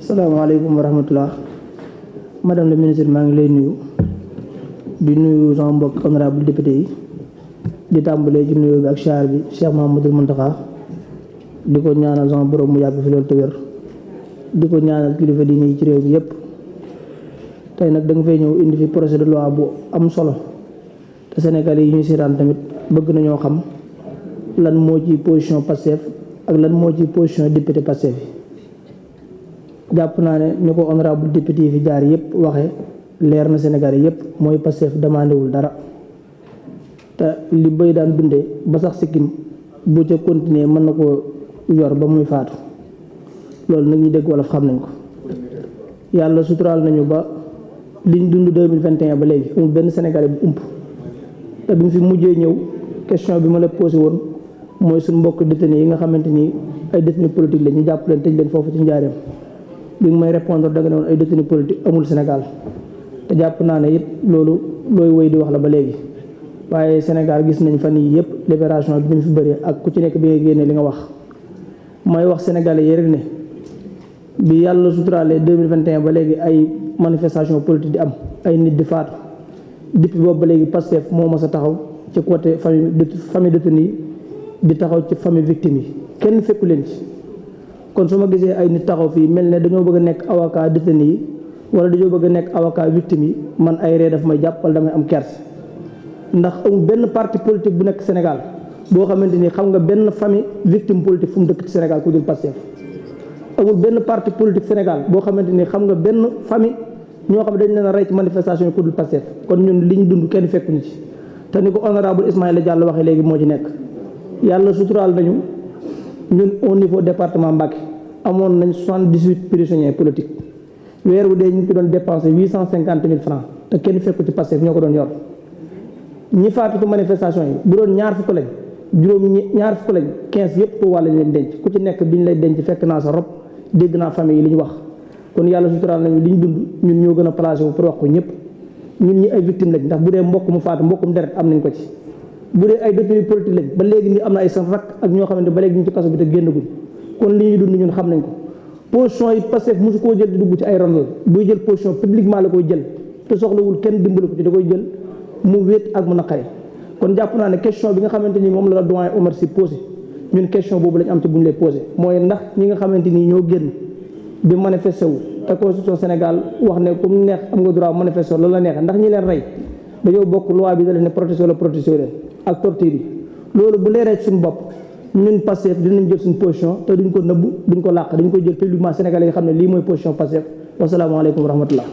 salaamaaleykum wa rahmatulah madame la ministre maa ngi lay nuyu di nuyu sama mbokk honorable député yi di tàmbalee ci nuyu bi ak char bi Cheikh Mahamadul Muntaxa di ko ñaanal sama borom mu yàgg fi loolu te di ko ñaanal kilifa di nii ci réew mi yépp tey nag da fay ñëw indi fi projet de loi bu am solo te Sénégal yi ñuy seetaan tamit bëgg nañoo xam lan moo ci position Pastef ak lan moo ci position député Pastef yi jàpp naa ne ñu ko honorable député fi jaar yëpp waxee leer na Sénégal yëpp mooy Pastef demandé wul dara te li bëy daan dunde ba sax sikkim bu ca continuer mën na ko yor ba muy faatu loolu nag ñu dégg wolof xam nañ ko yàlla suturaal nañu ba liñ dund 2021 ba léegi amul benn Sénégalais bu ump te bi mu fi mujjee ñëw question bi ma la posé woon mooy suñu mbokk détenu yi nga xamante ni ay détenu politique la ñu jàpp leen tëj leen foofu ci njaareem bi may répondre danga ne woon ay détenu politique amul Sénégal te jàpp naa ne it loolu looy woy di wax la ba léegi waaye Sénégal gis nañ fan yii yëpp libération bi ñu fi bëri ak ku ci nekk bi nga génnee li nga wax mooy wax sénégalais yére ne bi yàlla suturaalee 2021 ba léegi ay manifestation politique di am ay nit di faatu depuis boobu ba léegi Pastef moo mas a taxaw ci côté famille famille détenu di taxaw ci famille victime yi kenn fekku leen ci kon su ma gisee ay nit taxaw fii mel ne dañoo bëgg a nekk avocat détenu yi wala dañoo bëgg a nekk avocat victime yi man ay ree daf may jàppal damay am kerse ndax amul benn parti politique bu nekk Sénégal boo xamante ni xam nga benn famille victime politique fu mu dëkk Sénégal ku dul Pastef benn parti politique Sénégal boo xamante ni xam nga benn famille ñoo xam ne dañ leen a rey ci manifestation yi ku dul kon ñun li ñu dund kenn fekkuñu ci te ni ko honorable la jàll waxee léegi moo ci nekk yàlla suturaal nañu ñun au niveau département Mbacké amoon nañ soixante dix huit prisonniers politiques weer wu dee ñu ngi doon dépensé huit cent cinquante mille francs te kenn fekku ci Pastef ñoo ko doon yor ñi faatu ci manifestation yi bu doon ñaar fukk lañ juróom ñaar fukk lañ quinze yëpp Touba lañ leen denc ku ci nekk bi ñu lay denc fekk naa sa rob dégg naa famille yi li ñu wax kon yàlla suturaal nañu li ñu dund ñun ñoo gën a placé wu pour wax ñëpp ñun ñi ay victime lañ ndax bu mbokk mu faatu mbokkum deret am nañ ko ci bu dee ay détenus politique lañ ba léegi nii am na ay san rakk ak ñoo xamante ba léegi ñu ci kaso bi te génnaguñ kon li ñuy dund ñun xam nañ ko position yi Pastef mosu koo jël di dugg ci ay ronal buy jël position publiquement la koy jël te soxlawul kenn dimbali ko ci da koy jël mu wéet ak mu naqare kon jàpp naa ne question bi nga xamante ni moom la la doyen Omar Sy posé ñun question boobu lañ am ci bu ñu lay posé mooy ndax ñi nga xamante ni ñoo génn di manifesté wu te constitution Sénégal wax ne comme neex am nga droit manifesté loolu la neex ndax ñi leen rey dañoo bokk loi ak torture loolu bu leeree suñu bopp ñun Pastef dinañ jël suñu position te duñ ko nëbb duñ ko làq dañ ko jël publiquement sénégalais yi xam ne lii mooy position Pastef wasalaamaaleykum wa rahmatullah